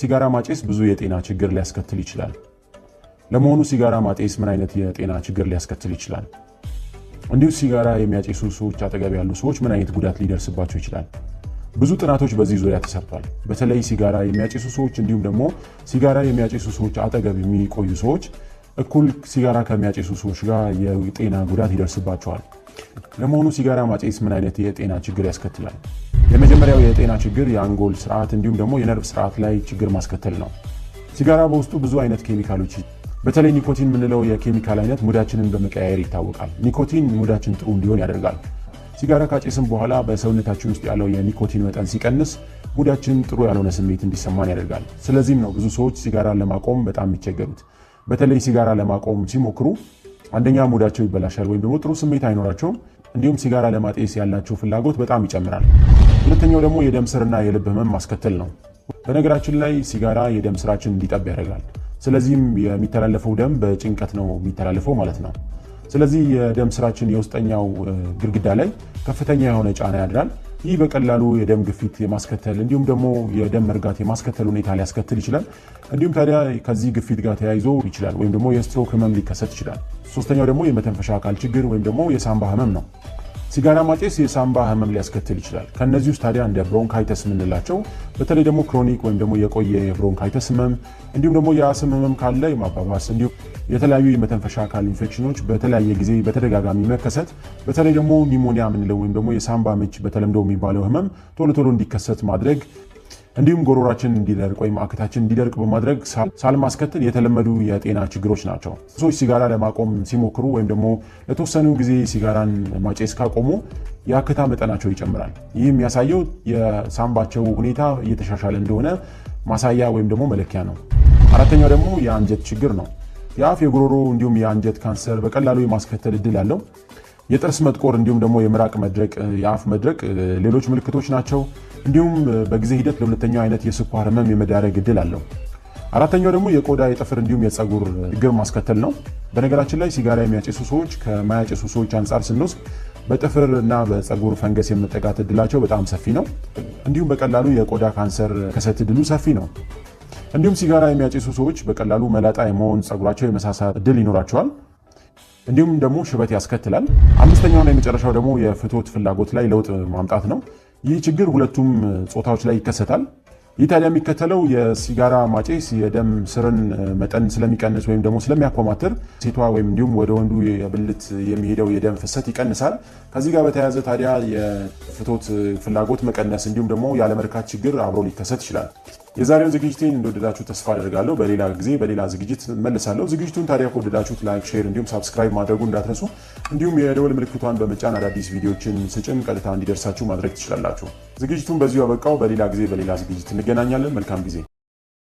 ሲጋራ ማጨስ ብዙ የጤና ችግር ሊያስከትል ይችላል። ለመሆኑ ሲጋራ ማጨስ ምን አይነት የጤና ችግር ሊያስከትል ይችላል? እንዲሁ ሲጋራ የሚያጨሱ ሰዎች አጠገብ ያሉ ሰዎች ምን አይነት ጉዳት ሊደርስባቸው ይችላል? ብዙ ጥናቶች በዚህ ዙሪያ ተሰርቷል። በተለይ ሲጋራ የሚያጨሱ ሰዎች እንዲሁም ደግሞ ሲጋራ የሚያጨሱ ሰዎች አጠገብ የሚቆዩ ሰዎች እኩል ሲጋራ ከሚያጨሱ ሰዎች ጋር የጤና ጉዳት ይደርስባቸዋል። ለመሆኑ ሲጋራ ማጨስ ምን አይነት የጤና ችግር ያስከትላል? የመጀመሪያው የጤና ችግር የአንጎል ስርዓት እንዲሁም ደግሞ የነርቭ ስርዓት ላይ ችግር ማስከተል ነው። ሲጋራ በውስጡ ብዙ አይነት ኬሚካሎች፣ በተለይ ኒኮቲን የምንለው የኬሚካል አይነት ሙዳችንን በመቀያየር ይታወቃል። ኒኮቲን ሙዳችን ጥሩ እንዲሆን ያደርጋል። ሲጋራ ካጨስን በኋላ በሰውነታችን ውስጥ ያለው የኒኮቲን መጠን ሲቀንስ ሙዳችን ጥሩ ያልሆነ ስሜት እንዲሰማን ያደርጋል። ስለዚህም ነው ብዙ ሰዎች ሲጋራን ለማቆም በጣም የሚቸገሩት። በተለይ ሲጋራ ለማቆም ሲሞክሩ አንደኛ ሙዳቸው ይበላሻል ወይም ደግሞ ጥሩ ስሜት አይኖራቸውም። እንዲሁም ሲጋራ ለማጤስ ያላቸው ፍላጎት በጣም ይጨምራል። ሁለተኛው ደግሞ የደም ስርና የልብ ህመም ማስከተል ነው። በነገራችን ላይ ሲጋራ የደም ስራችን እንዲጠብ ያደርጋል። ስለዚህም የሚተላለፈው ደም በጭንቀት ነው የሚተላለፈው ማለት ነው። ስለዚህ የደም ስራችን የውስጠኛው ግድግዳ ላይ ከፍተኛ የሆነ ጫና ያድራል። ይህ በቀላሉ የደም ግፊት የማስከተል እንዲሁም ደግሞ የደም መርጋት የማስከተል ሁኔታ ሊያስከትል ይችላል። እንዲሁም ታዲያ ከዚህ ግፊት ጋር ተያይዞ ይችላል ወይም ደግሞ የስትሮክ ህመም ሊከሰት ይችላል። ሶስተኛው ደግሞ የመተንፈሻ አካል ችግር ወይም ደግሞ የሳምባ ህመም ነው። ሲጋራ ማጨስ የሳምባ ህመም ሊያስከትል ይችላል። ከእነዚህ ውስጥ ታዲያ እንደ ብሮንካይተስ የምንላቸው በተለይ ደግሞ ክሮኒክ ወይም ደግሞ የቆየ የብሮንካይተስ ህመም እንዲሁም ደግሞ የአስም ህመም ካለ የማባባስ እንዲሁም የተለያዩ የመተንፈሻ አካል ኢንፌክሽኖች በተለያየ ጊዜ በተደጋጋሚ መከሰት በተለይ ደግሞ ኒሞኒያ የምንለው ወይም ደግሞ የሳምባ ምች በተለምዶ የሚባለው ህመም ቶሎ ቶሎ እንዲከሰት ማድረግ እንዲሁም ጎሮራችን እንዲደርቅ ወይም አክታችን እንዲደርቅ በማድረግ ሳልማስከተል የተለመዱ የጤና ችግሮች ናቸው። ሰዎች ሲጋራ ለማቆም ሲሞክሩ ወይም ደግሞ ለተወሰኑ ጊዜ ሲጋራን ማጨስ ካቆሙ የአክታ መጠናቸው ይጨምራል። ይህ የሚያሳየው የሳምባቸው ሁኔታ እየተሻሻለ እንደሆነ ማሳያ ወይም ደግሞ መለኪያ ነው። አራተኛው ደግሞ የአንጀት ችግር ነው። የአፍ የጉሮሮ እንዲሁም የአንጀት ካንሰር በቀላሉ የማስከተል እድል አለው። የጥርስ መጥቆር እንዲሁም ደግሞ የምራቅ መድረቅ፣ የአፍ መድረቅ ሌሎች ምልክቶች ናቸው። እንዲሁም በጊዜ ሂደት ለሁለተኛው አይነት የስኳር ህመም የመዳረግ እድል አለው። አራተኛው ደግሞ የቆዳ የጥፍር እንዲሁም የፀጉር ችግር ማስከተል ነው። በነገራችን ላይ ሲጋራ የሚያጨሱ ሰዎች ከማያጨሱ ሰዎች አንጻር ስንወስድ በጥፍር እና በፀጉር ፈንገስ የመጠቃት እድላቸው በጣም ሰፊ ነው። እንዲሁም በቀላሉ የቆዳ ካንሰር ከሰት እድሉ ሰፊ ነው። እንዲሁም ሲጋራ የሚያጨሱ ሰዎች በቀላሉ መላጣ የመሆን ፀጉራቸው የመሳሳት እድል ይኖራቸዋል። እንዲሁም ደግሞ ሽበት ያስከትላል። አምስተኛውና የመጨረሻው ደግሞ የፍትወት ፍላጎት ላይ ለውጥ ማምጣት ነው። ይህ ችግር ሁለቱም ጾታዎች ላይ ይከሰታል። ይህ ታዲያ የሚከተለው የሲጋራ ማጨስ የደም ስርን መጠን ስለሚቀንስ ወይም ደግሞ ስለሚያኮማትር ሴቷ ወይም እንዲሁም ወደ ወንዱ የብልት የሚሄደው የደም ፍሰት ይቀንሳል። ከዚህ ጋር በተያያዘ ታዲያ የፍትወት ፍላጎት መቀነስ እንዲሁም ደግሞ ያለመርካት ችግር አብሮ ሊከሰት ይችላል። የዛሬውን ዝግጅቴን እንደወደዳችሁ ተስፋ አደርጋለሁ። በሌላ ጊዜ በሌላ ዝግጅት መልሳለሁ። ዝግጅቱን ታዲያ ከወደዳችሁት ላይክ፣ ሼር እንዲሁም ሳብስክራይብ ማድረጉ እንዳትረሱ። እንዲሁም የደወል ምልክቷን በመጫን አዳዲስ ቪዲዮችን ስጭን ቀጥታ እንዲደርሳችሁ ማድረግ ትችላላችሁ። ዝግጅቱን በዚሁ አበቃው። በሌላ ጊዜ በሌላ ዝግጅት እንገናኛለን። መልካም ጊዜ